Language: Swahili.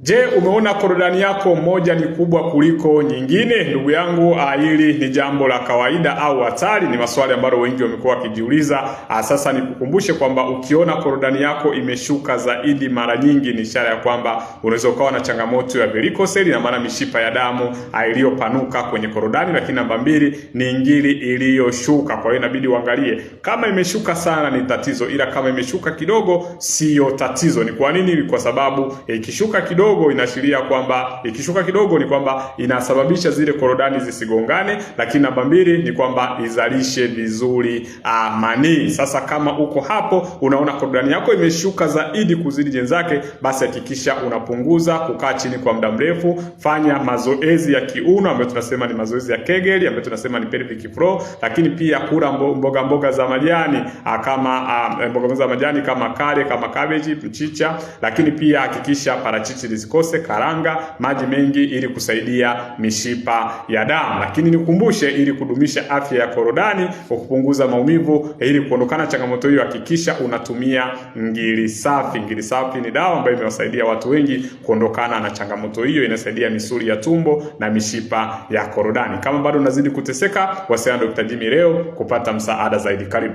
Je, umeona korodani yako moja ni kubwa kuliko nyingine? Ndugu yangu, ah, hili ni jambo la kawaida au hatari? Ni maswali ambayo wengi wamekuwa wakijiuliza. Ah, sasa nikukumbushe kwamba ukiona korodani yako imeshuka zaidi mara nyingi, ni ishara ya kwamba unaweza ukawa na changamoto ya varicocele, na maana mishipa ya damu ah, iliyopanuka kwenye korodani. Lakini namba mbili ni ingili iliyoshuka. Kwa hiyo inabidi uangalie, kama imeshuka sana ni tatizo, ila kama imeshuka kidogo siyo tatizo. Ni kwa nini? Kwa sababu eh, ikishuka kidogo kidogo inaashiria kwamba ikishuka kidogo ni kwamba inasababisha zile korodani zisigongane, lakini namba mbili ni kwamba izalishe vizuri uh, ah, manii. Sasa kama uko hapo unaona korodani yako imeshuka zaidi kuzidi jenzake, basi hakikisha unapunguza kukaa chini kwa muda mrefu, fanya mazoezi ya kiuno ambayo tunasema ni mazoezi ya Kegel ambayo tunasema ni pelvic floor, lakini pia kula mboga mboga za majani ah, kama ah, mboga mboga za majani kama kale kama cabbage, mchicha, lakini pia hakikisha parachichi zisikose karanga, maji mengi, ili kusaidia mishipa ya damu. Lakini nikumbushe, ili kudumisha afya ya korodani kwa kupunguza maumivu, ili kuondokana changamoto hiyo, hakikisha unatumia ngiri safi. Ngiri safi ni dawa ambayo imewasaidia watu wengi kuondokana na changamoto hiyo, inasaidia misuli ya tumbo na mishipa ya korodani. Kama bado unazidi kuteseka, wasiliana na Dr. Jimmy leo kupata msaada zaidi. Karibu.